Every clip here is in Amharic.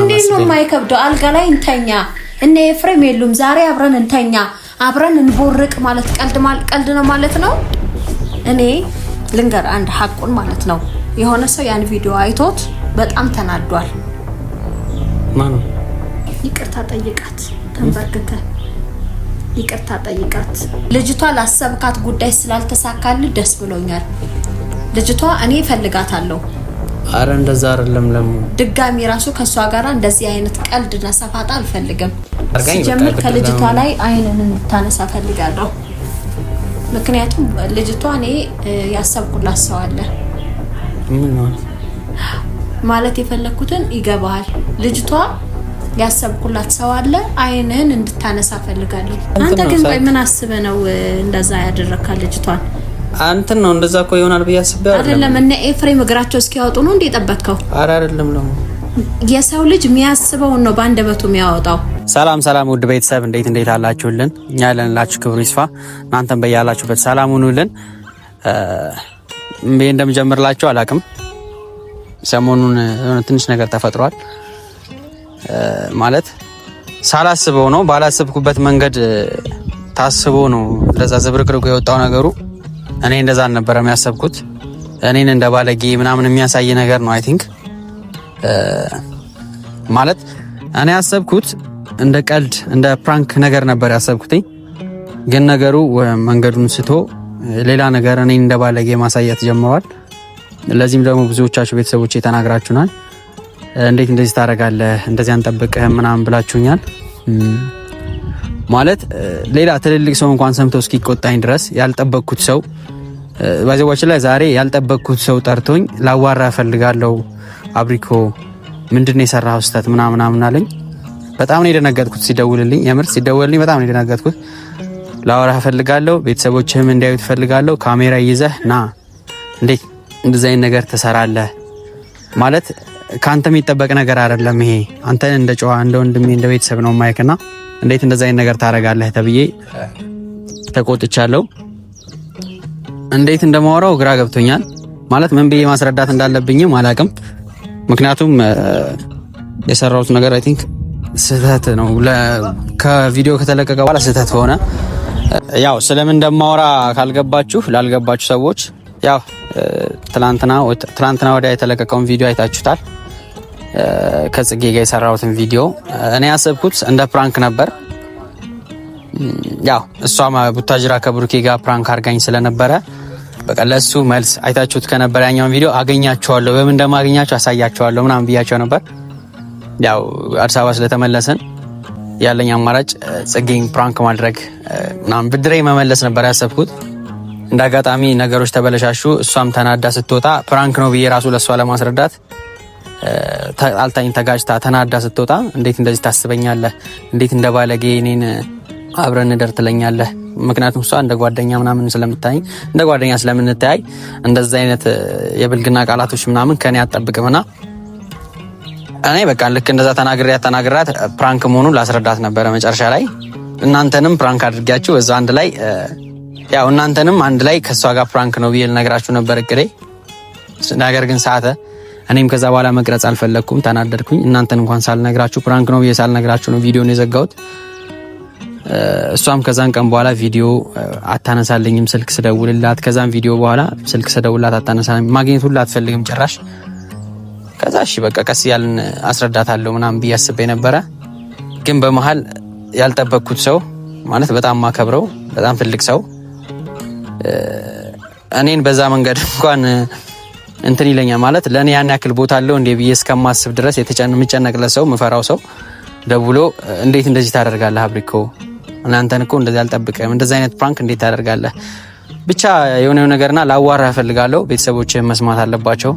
እንዴት ነው የማይከብደው? አልጋ ላይ እንተኛ። እነ ኤፍሬም የሉም ዛሬ አብረን እንተኛ፣ አብረን እንቦርቅ ማለት ቀልድ ነው ማለት ነው። እኔ ልንገር አንድ ሀቁን ማለት ነው። የሆነ ሰው ያን ቪዲዮ አይቶት በጣም ተናዷል። ይቅርታ ጠይቃት፣ ተንበርክከ ይቅርታ ጠይቃት። ልጅቷ ላሰብካት ጉዳይ ስላልተሳካልህ ደስ ብሎኛል። ልጅቷ እኔ እፈልጋታለሁ አረ እንደዛ አይደለም። ለሙ ድጋሚ ራሱ ከእሷ ጋር እንደዚህ አይነት ቀልድና ሰፋጣ አልፈልግም። ሲጀምር ከልጅቷ ላይ አይንን እንድታነሳ ፈልጋለሁ። ምክንያቱም ልጅቷ እኔ ያሰብኩላት ሰው አለ። ማለት የፈለግኩትን ይገባሃል። ልጅቷ ያሰብኩላት ሰው አለ። አይንህን እንድታነሳ ፈልጋለሁ። አንተ ግን ምን አስበህ ነው እንደዛ ያደረግካ ልጅቷን? አንተን ነው እንደዛ እኮ ይሆናል ብዬ አስቤ አይደለም። እነ ኤፍሬም እግራቸው እስኪያወጡ ነው እንዴ የጠበቅከው? አረ አይደለም ነው የሰው ልጅ የሚያስበውን ነው በአንደበቱ የሚያወጣው። ሰላም ሰላም፣ ውድ ቤተሰብ እንዴት እንዴት አላችሁልን? እኛ ያለንላችሁ ክብሩ ይስፋ፣ እናንተም በያላችሁበት ሰላም ሁኑልን። እንዴ እንደምጀምርላችሁ አላቅም። ሰሞኑን የሆነ ትንሽ ነገር ተፈጥሯል። ማለት ሳላስበው ነው ባላስብኩበት መንገድ ታስቦ ነው ለዛ ዝብርቅርቁ የወጣው ነገሩ እኔ እንደዛ አልነበረም ያሰብኩት። እኔን እንደ ባለጌ ምናምን የሚያሳይ ነገር ነው። አይ ቲንክ ማለት እኔ ያሰብኩት እንደ ቀልድ እንደ ፕራንክ ነገር ነበር ያሰብኩትኝ፣ ግን ነገሩ መንገዱን ስቶ ሌላ ነገር እኔን እንደ ባለጌ ማሳየት ጀምሯል። ለዚህም ደግሞ ብዙዎቻችሁ ቤተሰቦች ተናግራችሁናል። እንዴት እንደዚህ ታደርጋለህ እንደዚህ አንጠብቅህም ምናምን ብላችሁኛል። ማለት ሌላ ትልልቅ ሰው እንኳን ሰምቶ እስኪቆጣኝ ድረስ ያልጠበቅኩት ሰው ባዜጓችን ላይ ዛሬ ያልጠበቅኩት ሰው ጠርቶኝ ላዋራ እፈልጋለሁ አብሪኮ ምንድን ነው የሰራኸው ምናምናምን አለኝ። በጣም ነው የደነገጥኩት ሲደውልልኝ፣ የምር ሲደውልልኝ በጣም ነው የደነገጥኩት። ላዋራ እፈልጋለሁ፣ ቤተሰቦችህም እንዲያዩ እፈልጋለሁ። ካሜራ ይዘህ ና። እንዴት እንደዚህ አይነት ነገር ትሰራለህ? ማለት ከአንተ የሚጠበቅ ነገር አይደለም ይሄ። አንተን እንደ ጨዋ እንደ ወንድሜ እንደ ቤተሰብ ነው ማየክና እንዴት እንደዚህ አይነት ነገር ታደርጋለህ ተብዬ ተቆጥቻለሁ። እንዴት እንደማወራው ግራ ገብቶኛል። ማለት ምን ብዬ ማስረዳት እንዳለብኝም አላቅም። ምክንያቱም የሰራሁት ነገር አይ ቲንክ ስህተት ነው። ከቪዲዮ ከተለቀቀ በኋላ ስህተት ሆነ። ያው ስለምን እንደማወራ ካልገባችሁ ላልገባችሁ ሰዎች ያው ትናንትና ወዲያ የተለቀቀውን ቪዲዮ አይታችሁታል። ከጽጌ ጋር የሰራሁትን ቪዲዮ እኔ ያሰብኩት እንደ ፕራንክ ነበር። ያው እሷ ቡታጅራ ከብሩኬ ጋር ፕራንክ አርጋኝ ስለነበረ በቃ ለሱ መልስ አይታችሁት ከነበረ ያኛውን ቪዲዮ አገኛችኋለሁ፣ በምን እንደማገኛችሁ አሳያችኋለሁ ምናምን ብያቸው ነበር። ያው አዲስ አበባ ስለተመለስን ያለኝ አማራጭ ጽጌን ፕራንክ ማድረግ ምናምን ብድሬ መመለስ ነበር ያሰብኩት። እንደ አጋጣሚ ነገሮች ተበለሻሹ። እሷም ተናዳ ስትወጣ ፕራንክ ነው ብዬ ራሱ ለእሷ ለማስረዳት አልታኝ ተጋጭታ ተናዳ ስትወጣ እንዴት እንደዚህ ታስበኛለህ? እንዴት እንደ ባለጌ እኔን አብረን እንደር ትለኛለህ ምክንያቱም እሷ እንደ ጓደኛ ምናምን ስለምታይ እንደ ጓደኛ ስለምንተያይ እንደዚህ አይነት የብልግና ቃላቶች ምናምን ከኔ ና እኔ በቃ ልክ እንደዛ ተናግሪያት ተናግሪያት ፕራንክ መሆኑን ላስረዳት ነበረ። መጨረሻ ላይ እናንተንም ፕራንክ አድርጊያችሁ እዛ አንድ ላይ ያው እናንተንም አንድ ላይ ከእሷ ጋር ፕራንክ ነው ብዬ ልነግራችሁ ነበር እቅዴ። ነገር ግን ሰዓተ እኔም ከዛ በኋላ መቅረጽ አልፈለግኩም፣ ተናደድኩኝ። እናንተን እንኳን ሳልነግራችሁ ፕራንክ ነው ብዬ ሳልነግራችሁ ነው ቪዲዮን የዘጋሁት። እሷም ከዛን ቀን በኋላ ቪዲዮ አታነሳልኝም። ስልክ ስደውልላት ከዛን ቪዲዮ በኋላ ስልክ ስደውልላት አታነሳልኝ፣ ማግኘት ሁላ አትፈልግም ጭራሽ። ከዛ እሺ በቃ ቀስ ያልን አስረዳታለሁ ምናምን ብዬ አስቤ ነበረ። ግን በመሀል ያልጠበቅኩት ሰው ማለት በጣም ማከብረው በጣም ትልቅ ሰው እኔን በዛ መንገድ እንኳን እንትን ይለኛል ማለት ለእኔ ያን ያክል ቦታ አለው እንዴ ብዬ እስከማስብ ድረስ የምጨነቅለት ሰው ምፈራው ሰው ደውሎ እንዴት እንደዚህ ታደርጋለህ አብሪኮ እናንተን እኮ እንደዚህ አልጠብቅም፣ እንደዚህ አይነት ፕራንክ እንዴት ታደርጋለህ? ብቻ የሆነው ነገርና ላዋራ እፈልጋለሁ። ቤተሰቦች መስማት አለባቸው።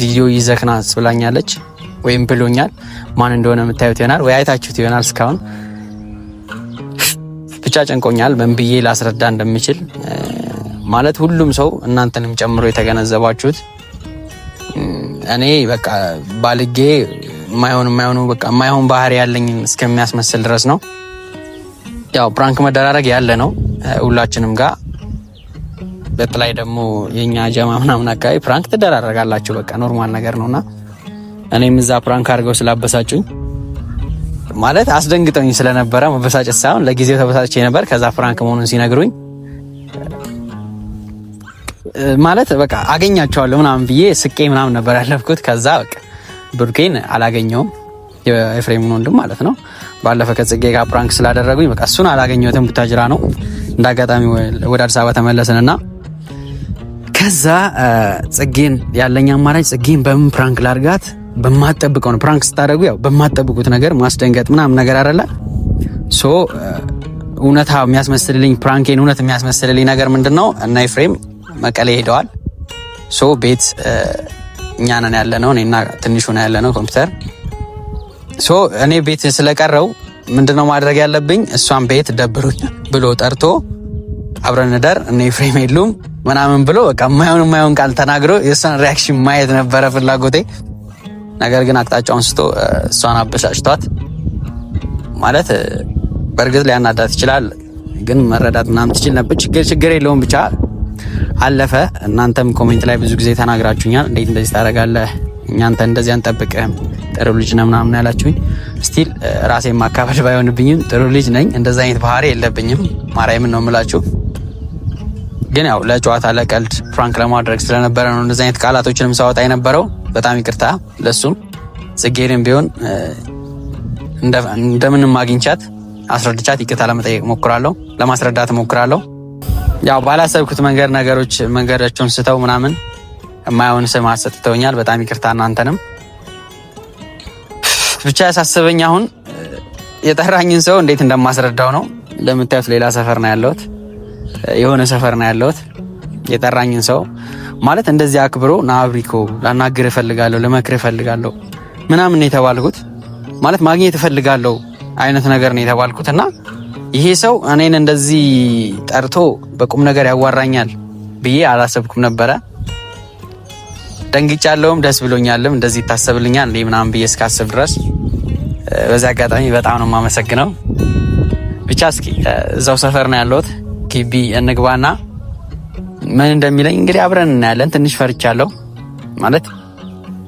ቪዲዮ ይዘክና ስብላኛለች ወይም ብሎኛል። ማን እንደሆነ የምታዩት ይሆናል ወይ አይታችሁት ይሆናል እስካሁን ብቻ ጨንቆኛል። ምን ብዬ ላስረዳ እንደምችል ማለት ሁሉም ሰው እናንተንም ጨምሮ የተገነዘባችሁት እኔ በቃ ባልጌ የማይሆን የማይሆኑ በቃ የማይሆን ባህሪ ያለኝ እስከሚያስመስል ድረስ ነው። ያው ፕራንክ መደራረግ ያለ ነው ሁላችንም ጋር በተለይ ደግሞ የኛ ጀማ ምናምን አካባቢ ፕራንክ ትደራረጋላችሁ። በቃ ኖርማል ነገር ነውና እኔም እዛ ፕራንክ አድርገው ስላበሳጩኝ ማለት አስደንግጠኝ ስለነበረ መበሳጨት ሳይሆን ለጊዜው ተበሳጭቼ ነበር። ከዛ ፕራንክ መሆኑን ሲነግሩኝ ማለት በቃ አገኛቸዋለሁ ምናምን ብዬ ስቄ ምናምን ነበር ያለፍኩት። ከዛ በቃ ብሩኬን አላገኘውም የፍሬምን ወንድም ማለት ነው። ባለፈ ከጽጌ ጋር ፕራንክ ስላደረጉኝ በቃ እሱን አላገኘሁትም። ቡታጅራ ነው እንዳጋጣሚ ወደ አዲስ አበባ ተመለስንና ከዛ ጽጌን ያለኝ አማራጭ ጽጌን በምን ፕራንክ ላድርጋት? በማጠብቀው ነው ፕራንክ ስታደርጉ ያው በማጠብቁት ነገር ማስደንገጥ ምናምን ነገር አይደለ ሶ እውነታ የሚያስመስልልኝ ፕራንኬን እውነት የሚያስመስልልኝ ነገር ምንድን ነው? እና ኤፍሬም መቀሌ ሄደዋል። ሶ ቤት እኛ ነን ያለ ነው፣ እኔና ትንሹ ነው ያለ ነው ኮምፒውተር ሶ እኔ ቤት ስለቀረው ምንድነው ማድረግ ያለብኝ? እሷን ቤት ደብሩኝ ብሎ ጠርቶ አብረን እደር ፍሬም የሉም ምናምን ብሎ በቃ የማይሆን የማይሆን ቃል ተናግሮ የእሷን ሪያክሽን ማየት ነበረ ፍላጎቴ። ነገር ግን አቅጣጫውን ስቶ እሷን አበሻጭቷት ማለት በእርግጥ ሊያናዳት ይችላል፣ ግን መረዳት ምናምን ትችል ነበር። ችግር የለውም ብቻ አለፈ። እናንተም ኮሜንት ላይ ብዙ ጊዜ ተናግራችሁኛል፣ እንዴት እንደዚህ ታደርጋለህ እኛንተ እንደዚህ አንጠብቅህም ጥሩ ልጅ ነው ምናምን ያላችሁኝ፣ ስቲል ራሴን ማካፈል ባይሆንብኝም ጥሩ ልጅ ነኝ። እንደዛ አይነት ባህሪ የለብኝም። ማርያምን ነው የምላችሁ። ግን ያው ለጨዋታ ለቀልድ ፍራንክ ለማድረግ ስለነበረ ነው እንደዚህ አይነት ቃላቶችንም ሳወጣ የነበረው። በጣም ይቅርታ ለሱም። ጽጌሬም ቢሆን እንደምንም አግኝቻት አስረድቻት ይቅርታ ለመጠየቅ ሞክራለሁ፣ ለማስረዳት ሞክራለሁ። ያው ባላሰብኩት መንገድ ነገሮች መንገዳቸውን ስተው ምናምን የማይሆን ስም አሰጥተውኛል። በጣም ይቅርታ እናንተንም። ብቻ ያሳሰበኝ አሁን የጠራኝን ሰው እንዴት እንደማስረዳው ነው። እንደምታዩት ሌላ ሰፈር ነው ያለሁት፣ የሆነ ሰፈር ነው ያለሁት። የጠራኝን ሰው ማለት እንደዚህ አክብሮ ና ላናግር እፈልጋለሁ፣ ልመክር እፈልጋለሁ ምናምን የተባልኩት ማለት ማግኘት እፈልጋለሁ አይነት ነገር ነው የተባልኩት እና ይሄ ሰው እኔን እንደዚህ ጠርቶ በቁም ነገር ያዋራኛል ብዬ አላሰብኩም ነበረ። ደንግጫለውም ደስ ብሎኛልም። እንደዚህ ይታሰብልኛል እንዴ ምናምን ብዬ እስካስብ ድረስ በዚህ አጋጣሚ በጣም ነው የማመሰግነው። ብቻ እስኪ እዛው ሰፈር ነው ያለሁት፣ ግቢ እንግባና ምን እንደሚለኝ እንግዲህ አብረን እናያለን። ትንሽ ፈርቻለሁ ማለት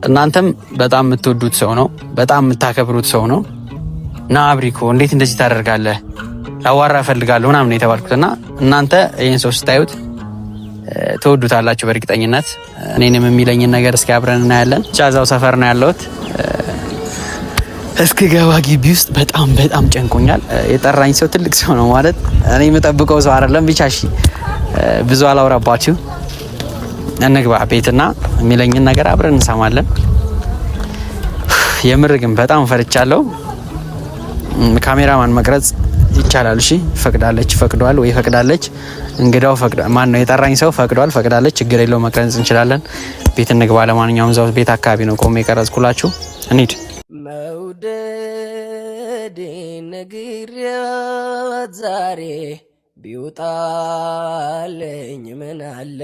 እናንተም በጣም የምትወዱት ሰው ነው፣ በጣም የምታከብሩት ሰው ነው እና አብሪኮ እንዴት እንደዚህ ታደርጋለህ? ላዋራ እፈልጋለሁ ምናምን የተባልኩትና እናንተ ይህን ሰው ስታዩት ትወዱታላችሁ በእርግጠኝነት። እኔንም የሚለኝን ነገር እስኪ አብረን እናያለን። ጫዛው ሰፈር ነው ያለሁት። እስኪ ገባ ግቢ ውስጥ በጣም በጣም ጨንቆኛል። የጠራኝ ሰው ትልቅ ሰው ነው ማለት እኔ የምጠብቀው ሰው አይደለም። ብቻ እሺ ብዙ አላውራባችሁ፣ እንግባ ቤትና የሚለኝን ነገር አብረን እንሰማለን። የምር ግን በጣም ፈርቻለሁ። ካሜራማን መቅረጽ ይቻላል? እሺ ፈቅዳለች፣ ፈቅዷል ወይ ፈቅዳለች እንግዳው ፈቅዷል። ማን ነው የጠራኝ ሰው ፈቅዷል፣ ፈቅዳለች። ችግር የለው መቅረጽ እንችላለን። ቤት እንግባ። ለማንኛውም እዛው ቤት አካባቢ ነው ቆሜ የቀረጽኩላችሁ። እንሂድ። መውደዴ ነግሬያት ዛሬ ቢውጣለኝ ምን አለ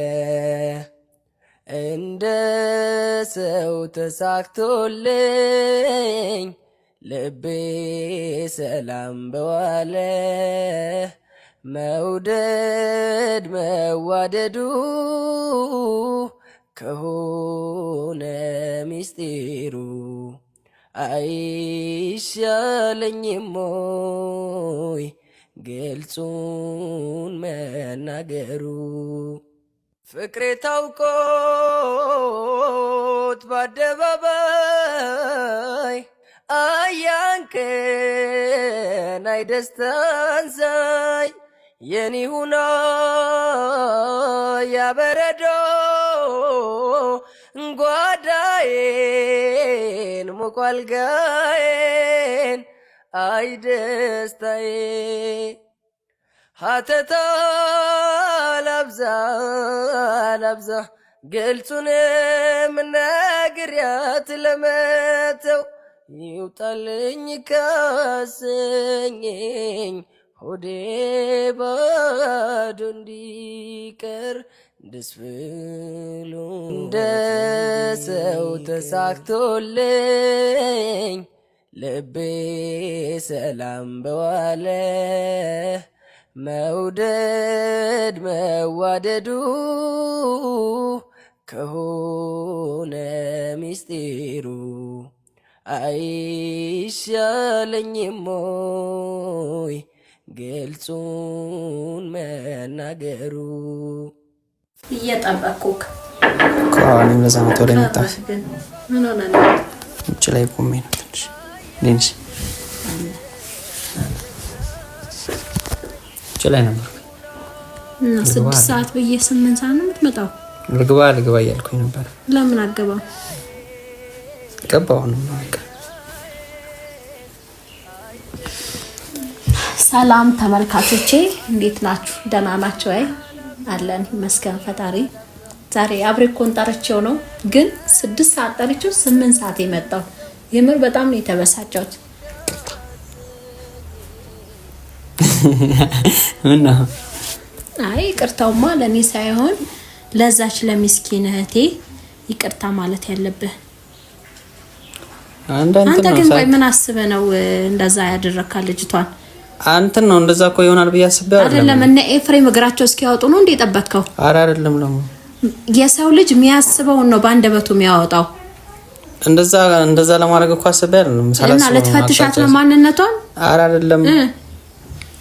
እንደ ሰው ተሳክቶልኝ ልቤ ሰላም በዋለ መውደድ መዋደዱ ከሆነ ሚስጢሩ አይሻለኝም ሞይ ግልጹን መናገሩ ፍቅሬ ታውቆት በአደባባይ አያንከን አይደስታንሳይ የኔ ሁኖ ያበረዶ ጓዳዬን ሙቋልጋዬን አይ ደስታዬ ሀተታ ለብዛ ለብዛ ግልጹንም ነግሪያት ለመተው ይውጣልኝ ካሰኘኝ ሆዴ ባዶ እንዲቀር ደስ ብሎ እንደ ሰው ተሳክቶልኝ ልቤ ሰላም በዋለ መውደድ መዋደዱ ከሆነ ሚስጢሩ አይሻለኝም ሞይ ግልጹን መናገሩ እየጠበኩክ ከኋላ መቶ መጣ። ውጭ ላይ ቆሜ ነው ትንሽ ውጭ ላይ ነበር። ስድስት ሰዓት ብዬ ስምንት ሰዓት ነው የምትመጣው። ልግባ ልግባ እያልኩኝ ነበር። ለምን አገባ በቃ ሰላም ተመልካቾቼ እንዴት ናችሁ? ደህና ናቸው? አይ አለን ይመስገን ፈጣሪ። ዛሬ አብሬኮን ጠርቼው ነው ግን ስድስት ሰዓት ጠርቼው ስምንት ሰዓት የመጣው የምር በጣም ነው የተበሳጨሁት። ምን ነው አይ ይቅርታውማ ለእኔ ሳይሆን ለዛች ለሚስኪን እህቴ ይቅርታ ማለት ያለብህ አንተ። ግን ቆይ ምን አስበህ ነው እንደዛ ያደረካ ልጅቷን አንተን ነው እንደዛ እኮ ይሆናል ብዬ አስቤ አይደለም። እነ ኤፍሬም እግራቸው እስኪያወጡ ነው እንዴ የጠበቅከው? አረ አይደለም። ደግሞ የሰው ልጅ የሚያስበውን ነው በአንደበቱ የሚያወጣው። እንደዛ እንደዛ ለማድረግ እኮ አስቤ አይደለም። እና ልትፈትሻት ነው ማንነቷን? አረ አይደለም።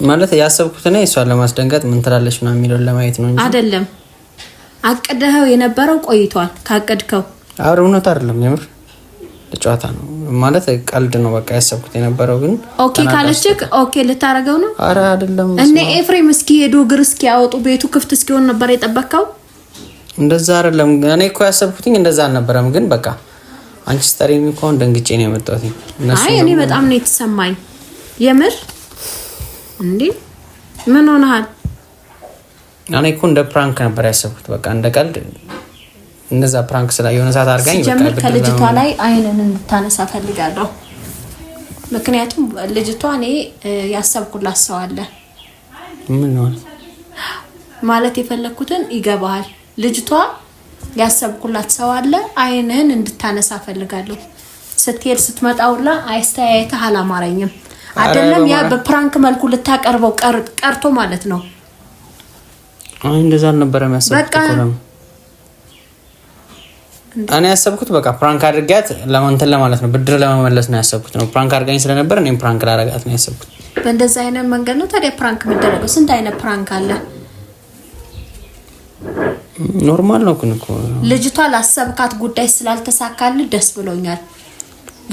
ማለት ያሰብኩት እኔ እሷን ለማስደንገጥ ምን ትላለች ነው የሚለውን ለማየት ነው እንጂ አይደለም። አቅደኸው የነበረው ቆይቷል። ካቀድከው አረ እውነት አይደለም የምር ለጨዋታ ነው ማለት ቀልድ ነው በቃ ያሰብኩት የነበረው ግን ኦኬ ካለች ኦኬ ልታረገው ነው። አረ አይደለም እነ ኤፍሬም እስኪ ሄዱ እግር እስኪ ያወጡ ቤቱ ክፍት እስኪሆን ነበር የጠበቀው። እንደዛ አይደለም እኔ እኮ ያሰብኩትኝ እንደዛ አልነበረም። ግን በቃ አንቺ ስጠሪኝ ከሆን ደንግጬ ነው የመጣሁት። አይ እኔ በጣም ነው የተሰማኝ የምር። እንዴ ምን ሆነሃል? እኔ እኮ እንደ ፕራንክ ነበር ያሰብኩት በቃ እንደ ቀልድ እነዛ ፕራንክ ስላ የሆነ ሰዓት አድርጋኝ ጀምር ከልጅቷ ላይ አይንን እንድታነሳ ፈልጋለሁ። ምክንያቱም ልጅቷ እኔ ያሰብኩላት ሰው አለ። ምን ማለት የፈለግኩትን ይገባሃል። ልጅቷ ያሰብኩላት ሰው አለ። አይንህን እንድታነሳ ፈልጋለሁ። ስትሄድ ስትመጣውላ አስተያየትህ አላማረኝም። አይደለም ያ በፕራንክ መልኩ ልታቀርበው ቀርቶ ማለት ነው። እንደዛ አልነበረ ያሰብኩት እኔ ያሰብኩት በቃ ፕራንክ አድርጊያት ለማንተን ለማለት ነው፣ ብድር ለመመለስ ነው ያሰብኩት ነው። ፕራንክ አድርጋኝ ስለነበር እኔም ፕራንክ ላረጋት ነው ያሰብኩት። በእንደዚህ አይነት መንገድ ነው ታዲያ ፕራንክ የሚደረገው? ስንት አይነት ፕራንክ አለ። ኖርማል ነው ግን እኮ ልጅቷ ላሰብካት ጉዳይ ስላልተሳካል ደስ ብሎኛል።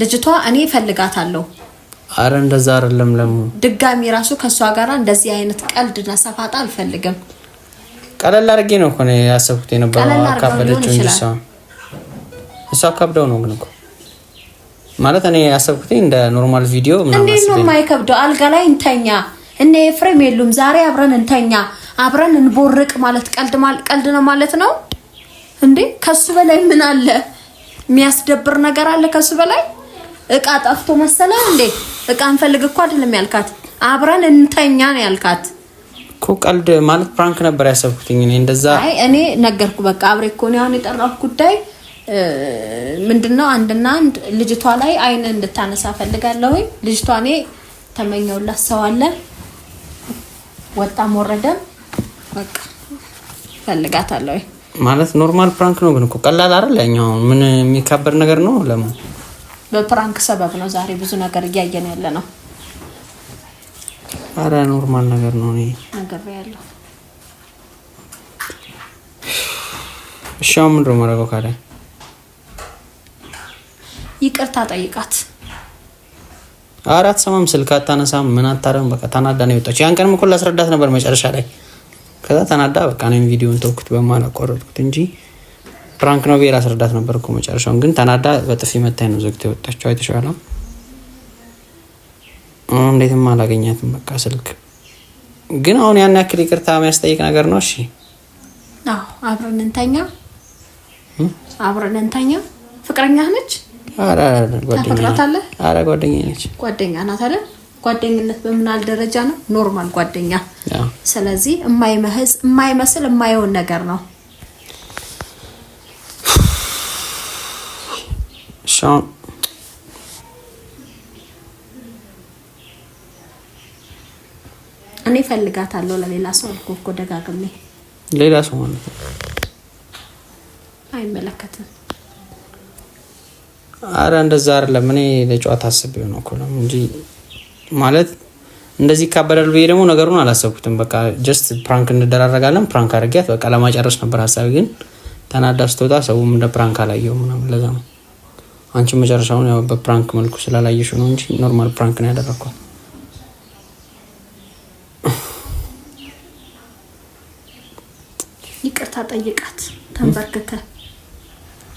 ልጅቷ እኔ እፈልጋታለሁ። አረ እንደዛ አይደለም። ለሙ ድጋሚ ራሱ ከእሷ ጋር እንደዚህ አይነት ቀልድና ሰፋጣ አልፈልግም። ቀለል አድርጌ ነው እኮ ያሰብኩት የነበረው። ካበደችው እንጂ እሷ እሷ ከብደው ነው ግን እኮ ማለት እኔ ያሰብኩት እንደ ኖርማል ቪዲዮ እንዴት ነው የማይከብደው? አልጋ ላይ እንተኛ እነ ኤፍሬም የሉም ዛሬ አብረን እንተኛ አብረን እንቦርቅ ማለት ቀልድ ነው ማለት ነው እንዴ? ከሱ በላይ ምን አለ? የሚያስደብር ነገር አለ ከሱ በላይ? እቃ ጠፍቶ መሰለ እንዴ? እቃ እንፈልግ እኮ አይደለም ያልካት፣ አብረን እንተኛ ነው ያልካት እኮ። ቀልድ ማለት ፕራንክ ነበር ያሰብኩትኝ እኔ እንደዛ። አይ እኔ ነገርኩ በቃ አብሬ እኮ ነው አሁን የጠራሁት ጉዳይ ምንድነው አንድና አንድ ልጅቷ ላይ አይን እንድታነሳ ፈልጋለሁኝ። ልጅቷ እኔ ተመኘውላት ሰው አለ ወጣም ወረደም በቃ ፈልጋታለሁኝ። ማለት ኖርማል ፕራንክ ነው ግን እኮ ቀላል አይደል? ያኛው ምን የሚካበር ነገር ነው? ለምን በፕራንክ ሰበብ ነው ዛሬ ብዙ ነገር እያየን ያለ ነው። አረ ኖርማል ነገር ነው። እኔ ነገር ያለው እሺ፣ ምንድን ነው የማደርገው ይቅርታ ጠይቃት። አራት ሰማም ስልክ አታነሳም፣ ምን አታረም። በቃ ተናዳ ነው የወጣችው። ያን ቀንም እኮ ላስረዳት ነበር መጨረሻ ላይ። ከዛ ተናዳ በቃ እኔም ቪዲዮን ተውኩት፣ በማን አቋረጥኩት እንጂ ፕራንክ ነው ብዬ ላስረዳት ነበር እኮ መጨረሻውን። ግን ተናዳ በጥፊ መታኝ ነው ዘግቶ የወጣችው። አይተሻላ። እንዴትም አላገኛትም በቃ ስልክ። ግን አሁን ያን ያክል ይቅርታ የሚያስጠይቅ ነገር ነው። እሺ አብረን እንተኛ፣ አብረን እንተኛ። ፍቅረኛ ነች አረ ጓደኛ ነች። ጓደኛ ናት አይደል? ጓደኝነት በምናል ደረጃ ነው ኖርማል ጓደኛ። ስለዚህ የማይመህዝ የማይመስል የማይሆን ነገር ነው። እኔ ፈልጋታለሁ ለሌላ ሰው አልኩ እኮ ደጋግሜ። ሌላ ሰው አይመለከትም አረ እንደዛ አይደለም። እኔ ለጨዋታ አስቤው ነው እኮ ነው እንጂ ማለት እንደዚህ ይካበዳል ብዬ ደግሞ ነገሩን አላሰብኩትም። በቃ ጀስት ፕራንክ እንደራረጋለን ፕራንክ አድርጊያት በቃ ለማጨረስ ነበር ሀሳቢ። ግን ተናዳ ስትወጣ ሰውም እንደ ፕራንክ አላየው ምናምን፣ ለዛ ነው አንቺ መጨረሻውን ያው በፕራንክ መልኩ ስላላየሽ ነው እንጂ ኖርማል ፕራንክ ነው ያደረግኳት። ይቅርታ ጠይቃት፣ ተንበርክከ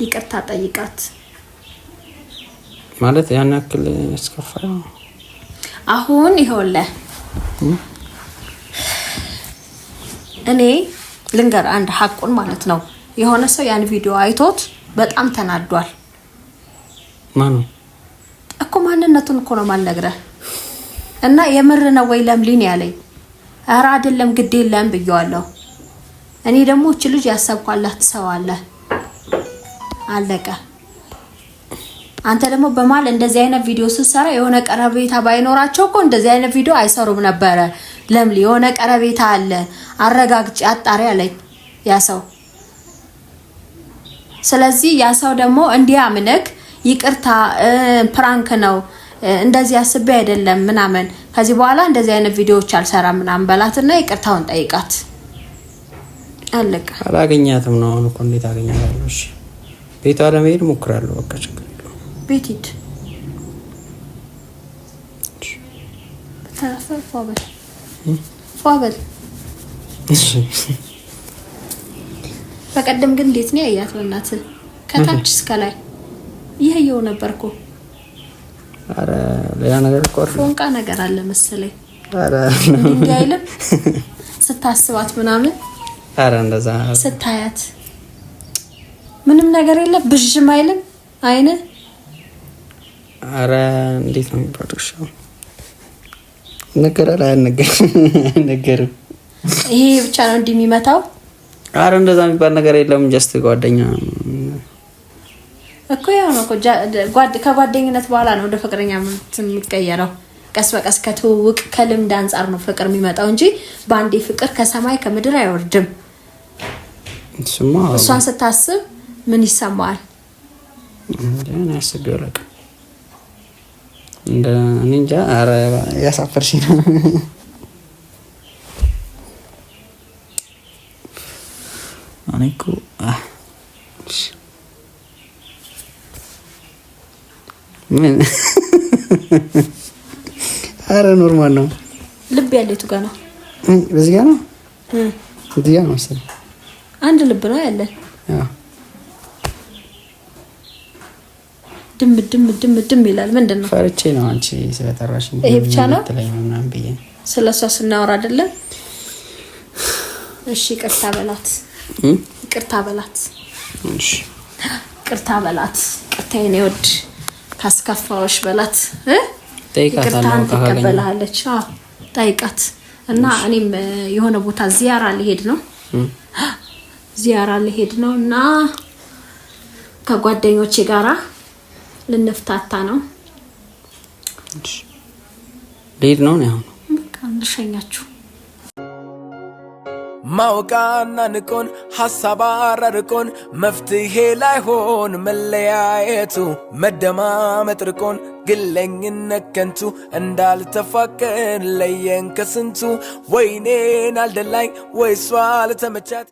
ይቅርታ ጠይቃት። ማለት ያን ያክል ያስከፋ። አሁን ይኸውልህ እኔ ልንገር አንድ ሀቁን ማለት ነው። የሆነ ሰው ያን ቪዲዮ አይቶት በጣም ተናዷል። ማነው እኮ ማንነቱን እኮ ነው የማልነግረህ። እና የምር ነው ወይ ለምሊን ያለኝ፣ እረ አይደለም ግድ የለም ብየዋለሁ። እኔ ደግሞ እች ልጅ ያሰብኳላት ሰው አለ አለቀ። አንተ ደግሞ በመሀል እንደዚህ አይነት ቪዲዮ ስትሰራ የሆነ ቀረቤታ ባይኖራቸው እኮ እንደዚህ አይነት ቪዲዮ አይሰሩም ነበረ። ለምሊ የሆነ ቀረቤታ አለ፣ አረጋግጭ፣ አጣሪ አለኝ ያ ሰው። ስለዚህ ያ ሰው ደግሞ እንዲያምንክ ይቅርታ፣ ፕራንክ ነው እንደዚህ አስቤ አይደለም ምናምን፣ ከዚህ በኋላ እንደዚህ አይነት ቪዲዮዎች አልሰራም ምናምን በላትና ይቅርታውን ጠይቃት። አለቀ። አላገኛትም ነው አሁን እኮ። እንዴት አገኛታለሁ? ቤቷ ለመሄድ እሞክራለሁ። በቃ ችግር ቤት ሂድ። በተረፈ ፏበል ፏበል። በቀደም ግን እንዴት ነው ያያት? ከታች እስከ ላይ ይሄየው ነበርኩ እኮ። ሌላ ነገር ፎንቃ ነገር አለ መሰለኝ። አይልም ስታስባት ምናምን ኧረ እንደዛ ስታያት ምንም ነገር የለም ብዥም አይልም አረ እንዴት ነው የሚባለው? እሺ ነገራል አይነገርም። ይሄ ብቻ ነው እንዲህ የሚመታው? አረ እንደዛ የሚባል ነገር የለም። ጀስት ጓደኛ እኮ ያው ነው። ከጓደኝነት በኋላ ነው ወደ ፍቅረኛ የምትቀየረው። ቀስ በቀስ ከትውውቅ ከልምድ አንጻር ነው ፍቅር የሚመጣው እንጂ በአንዴ ፍቅር ከሰማይ ከምድር አይወርድም። እሷን ስታስብ ምን ይሰማዋል? ያስብ እንደ እኔ እንጃ። ኧረ ያሳፈርሽኝ ነው። እኔ እኮ ምን ኧረ ኖርማል ነው። ልብ ያለው የቱ ጋር ነው? በዚህ ጋር ነው። እዚህ ነው መሰለኝ። አንድ ልብ ነው ያለን ምድም ምድም ምድም ይላል። ምንድን ነው? ፈርቼ ነው አንቺ ስለጠራሽ። ይሄ ብቻ ነው ስለ እሷ ስናወራ አይደለ? እሺ ቅርታ በላት፣ ቅርታ በላት፣ ቅርታ በላት። ቅርታ ይቅርታዬን ወድ ካስከፋዎች በላት። ይቅርታህን ትቀበላለች። ጠይቃት እና እኔም የሆነ ቦታ ዚያራ ሊሄድ ነው ዚያራ ሊሄድ ነው እና ከጓደኞቼ ጋራ ልንፍታታ ነው። ሌድ ነው ያው ልሸኛችሁ። ማወቃና ንቆን ሀሳብ አራርቆን መፍትሄ ላይሆን መለያየቱ መደማመጥ ርቆን ግለኝነት ከንቱ እንዳልተፋቀን ለየን ከስንቱ ወይኔን አልደላኝ ወይሷ አልተመቻት